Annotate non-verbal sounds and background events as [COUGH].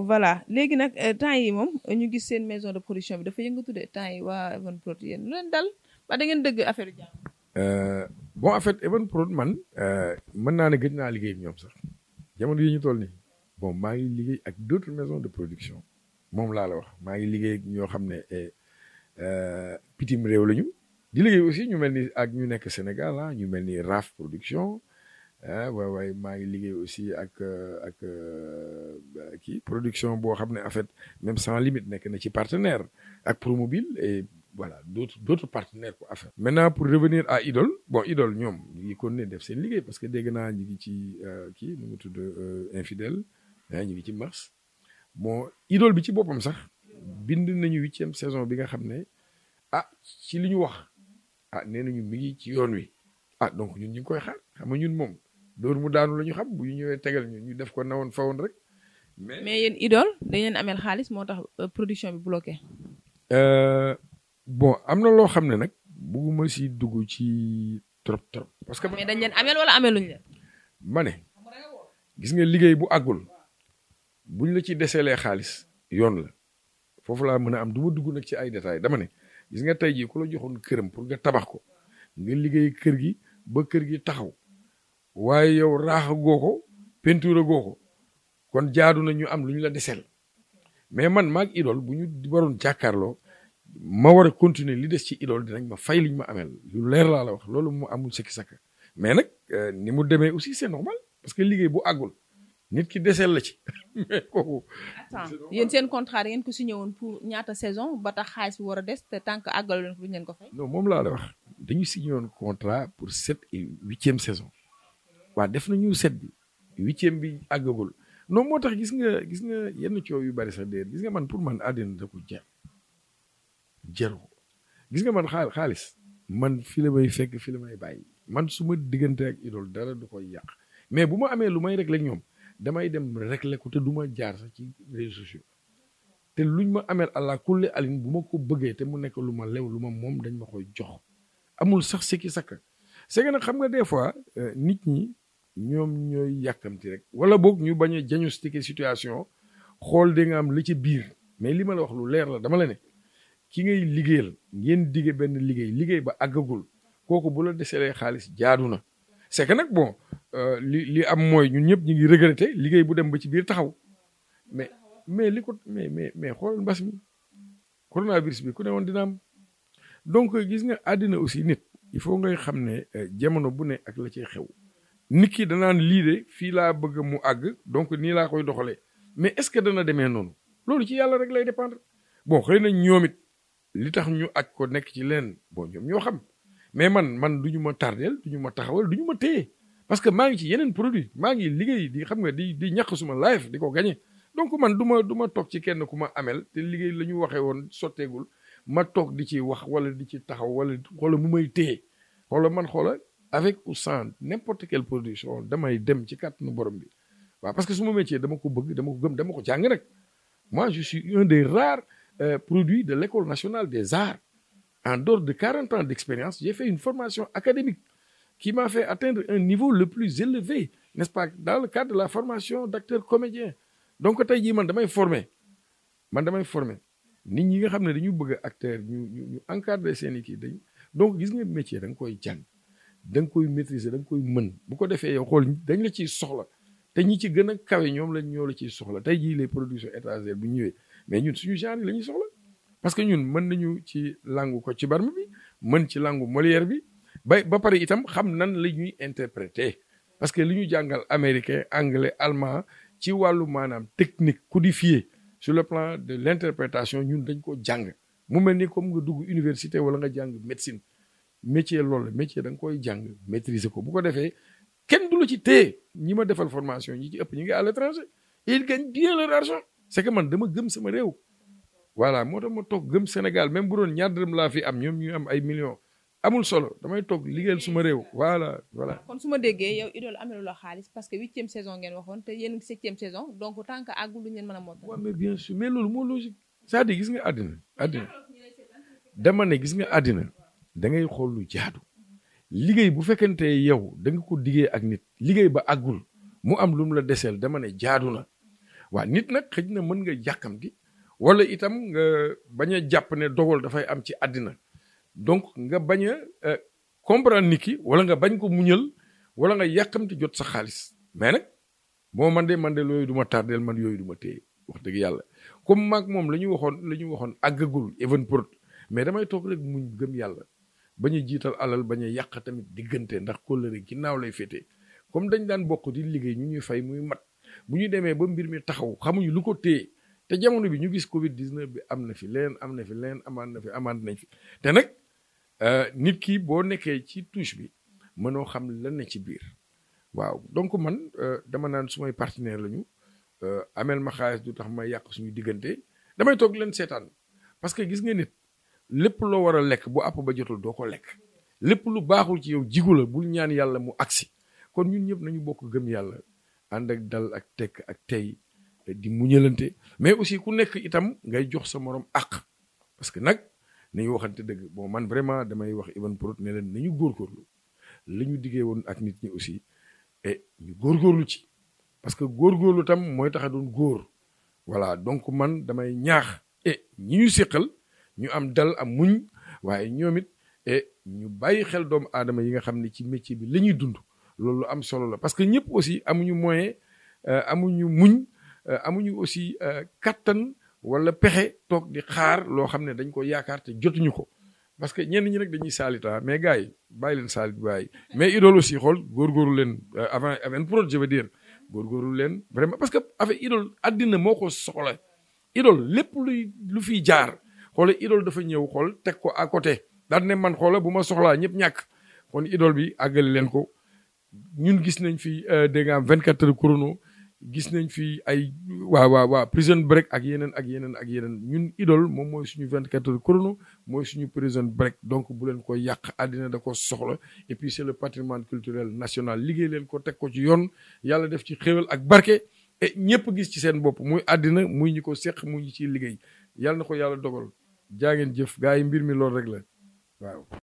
voilà léegi nag euh, temps yi moom ñu gis seen maison de production bi dafa yëngatu de temps yi waa Evan Prod yéen leen dal ba da ngeen dëgg affaire jàmm. Euh, bon en fait Evan Prod man. Euh, mën naa ne gëj naa liggéey ñoom sax jamono yi ñu toll nii bon maa ngi liggéey ak d' autres maisons de production moom laa la wax maa ngi liggéey ak ñoo xam ne eh, pitim réew la di liggéey aussi ñu mel ni ak ñu nekk Sénégal ah ñu mel ni Raf production ah waay waay maa ngi liggéey aussi ak euh, ak qui euh, bah, production bo xamné en fait même sans limite nek na ci partenaire ak Promobile et voilà d'autres d'autres partenaires quoi affaire maintenant pour revenir à Idol bon Idol ñom ñi connaît def sen liggéey parce que dégg na ñi ngi ci euh, kii nu de tudd infidèle ah ngi ci mars bon Idol bi ci bopam sax bind nañu huitième saison bi nga xamné ah ci liñu wax ah nee nañu mi ngi ci yoon wi ah donc ñun ñi koy xaar xam nga ñun moom. dóor mu daanu la ñu xam bu ñu ñëwee tegal ñu ñu def ko nawoon fawoon rek. mais mais yéen idole dañ leen ameel xaalis moo tax euh, production bi bloqué. Euh, bo am na loo xam ne nag bugguma si dugg ci trop trop. parce que ah, mais dañ leen ameel wala ameeluñ leen. ma ne gis nga liggéey bu àggul buñ la ci deseelee xaalis yoon la foofu laa mën a am du ma dugg nag ci ay détails dama ne gis nga tey ji ku la joxoon këram pour nga tabax ko nga liggéey kër gi ba kër gi taxaw. waaye yow raaxa goo ko peinture goo ko kon jaadu na ñu am lu ñu la desel mais man maag idole bu ñu waroon jàkkaarloo ma war continuer li des ci idole dinañ ma fay liñ ma amel lu leer laa la wax loolu mu amul sëkki sakka mais nag euh, ni mu demee aussi c'est normal parce que liggéey bu àggul nit ki desel la ci [LAUGHS] mais kooku. attends yéen seen contrat da ngeen ko signé woon pour ñaata saison ba tax xaalis bi war a des te tant que àggalu leen ko duñ leen moom laa la wax dañu signé woon contrat pour sept et huitième saison. waa def nañu set bi huitième bi àggagul non moo tax gis nga gis nga yenn coow yu bari sax déer gis nga man pour man àddina da ko jeex jaru gis nga man xaal xaalis man file la may fekk fi may bàyyi man su ma diggante ak idole dara du koy yàq mais bu ma amee lu may régler ñoom damay dem régler ko te du ma jaar sax ci réseaux sociaux te luñ ma amee àlla kulli alin bu ma ko bëggee te mu nekk lu ma lew lu ma moom dañ ma koy jox amul sax sikki sakka c'est que nag xam nga des fois euh, nit ñi ñoom ñooy yàkkamti rek wala boog ñu bañ a diagnostiquer situation xool di nga am li ci biir mais li ma la wax lu leer la dama la ne ki ngay liggéeyal ngeen digg benn liggéey liggéey ba àggagul kooku bu la deselee xaalis jaadu na c'est que nag bon euh, li li am mooy ñun ñëpp ñu ngi regretter liggéey bu dem ba ci biir taxaw mais mais li ko mais mais mais xoolal mbas mi coronavirus bi ku ne woon dina donc gis nga àddina aussi nit il faut ngay xam ne euh, jamono bu ne ak la cee xew nit ki danaan lii de fii laa bëgg mu àgg donc nii laa koy doxalee mais est-ce que dana demee noonu loolu ci yàlla rek lay dépendre bon xëy na ñoom it li tax ñu aj ko nekk ci leen bon ñoom ñoo xam mais man man du ñu ma tardeel du ñu ma taxawal du ñu ma téye parce que maa ngi ci yeneen produit maa ngi liggéey di xam nga di di ñàkk suma live di ko gagné donc man du ma du ma toog ci kenn ku ma ameel te liggéey la ñu waxee woon sotteegul ma toog di ci wax wala di ci taxaw wala wala mu may téye xoola man xoola avec ou sans n'importe quelle production damay dem ci borom bi wa parce que suma métier dama ko bëgg dama ko gëm dama moi je suis un des rares euh, produits de l'école nationale des arts en dehors de 40 ans d'expérience j'ai fait une formation académique qui m'a fait atteindre un niveau le plus élevé n'est-ce pas dans le cadre de la formation d'acteur comédien donc tay suis man damay former man damay former nit ñi nga xam dañu bëgg acteur ñu ñu encadrer donc gis nga métier qui est koy jang da nga koy maîtriser da koy mën bu ko defee yow xool dañ la ciy soxla te ñi ci gën a kawe ñoom lañ ñoo la ciy soxla tey jii les productions étrangères bu ñëwee mais ñun suñu genre la ñu soxla parce que ñun mën nañu ci langu ko ci barme bi mën ci langu Molière bi ba ba pare itam xam nan la ñuy interpréter parce que li ñu jàngal américain anglais allemand ci wàllu maanaam technique codifier sur le plan de l' interprétation ñun dañ ko jàng mu mel ni comme nga dugg université wala nga jàng médecine métier loolu la métier da nga koy jàng maîtriser ko bu ko defee kenn du la ci téye ñi ma defal formation ñi ci ëpp ñi ngi à l'étranger ils gagnent bien leur argent c'est man dama gëm sama réew voilà moo tax ma toog gëm Sénégal même buroon ñaar dërëm laa fi am ñoom ñu am ay millions amul solo damay toog liggéeyal suma réew voilà voilà. kon su ma déggee yow idole amelu la xaalis parce que huitième saison ngeen waxoon te yéen ngi septième saison donc tant que àggul a monter. waaw loolu moo logique cest gis nga àddina àddina dama ne gis nga àddina da ngay xool lu jaadu liggéey bu fekkente yow da nga ko diggee ak nit liggéey ba àggul mu am lu mu la deseel dama ne jaadu na waa nit nag xëj na mën nga wala itam nga bañ a jàpp ne dogal dafay am ci àddina donc nga bañ a euh, comprendre nit ki wala nga bañ ko muñal wala nga yàkkamti jot sa xaalis mais nag moo man de man de yooyu du ma tardeel man yooyu du ma téye wax dëgg yàlla comme maag moom la ñu waxoon la ñu even pour mais damay toog rek muñ gëm yàlla ba a jiital alal ba a yàq tamit diggante ndax kóllëre ginnaaw lay féete comme dañ daan bokk di liggéey ñu ñuy fay muy mat bu ñu demee ba mbir mi taxaw xamuñu lu ko té te jamono bi ñu gis Covid 19 bi am na fi leen am na fi leen amaat na fi amaat nañ fi te nag euh, nit ki boo nekkee ci touche bi mënoo xam lan ne ci biir waaw donc man euh, dama naan sumay partenaire lañu euh, ameel ma xaalis du tax ma yàq suñu diggante damay toog leen seetaan parce que gis nga nit. lépp loo war a lekk bu àpp ba jotul doo ko lekk lépp lu baaxul ci yow jigu la bul ñaan yàlla mu agsi kon ñun ñëpp nañu bokk gëm yàlla ànd ak dal ak tekk ak tey di mu ñëlante mais aussi ku nekk itam ngay jox sa moroom àq parce que nag nañu waxante dëgg boo man vraiment damay wax Ivan Prod ne leen nañu góorgóorlu li ñu diggee woon ak nit ñi aussi et ñu góorgóorlu ci parce que góor góorlu tam mooy tax doon góor voilà donc man damay ñaax et ñi ñu séqal ñu am dal am muñ waaye ñoom it eh, ñu bàyyi xel doomu aadama yi nga xam ne ci métier bi la ñuy dund loolu am solo la parce que ñëpp aussi amuñu moyen euh, amuñu muñ euh, amuñu aussi euh, kattan wala pexe toog di xaar loo xam ne dañ ko yaakaar te jotuñu ko parce que ñenn ñi nag dañuy saalita ah, mais gars yi bàyyi leen saalit bàyyi mais idole aussi xool góorgóorlu leen avant avant projet je veux dire leen parce que avec idole àddina moo ko soxla idole lépp luy lu fi jaar xoola idole dafa ñëw xool teg ko à côté daal ne man xoola bu ma soxlaa ñëpp ñàkk kon idole bi àggale leen ko ñun gis nañ fi euh, dégg nga am 24 heures chrono gis nañ fi ay waa waa waa prison break ak yeneen ak yeneen ak yeneen ñun idole moom mooy suñu 24 heures chrono mooy suñu prison break donc bu leen ko yàq àddina da ko soxla et puis c'est le patrimoine culturel national liggéey leen ko teg ko ci yoon yàlla def ci xéwal ak barke. et ñëpp gis ci seen bopp muy àddina muy ñi ko seq muy ñi ciy liggéey yàlla na ko yàlla dogal. jaa ngeen jëf gaa yi mbir mi loolu rek la waaw.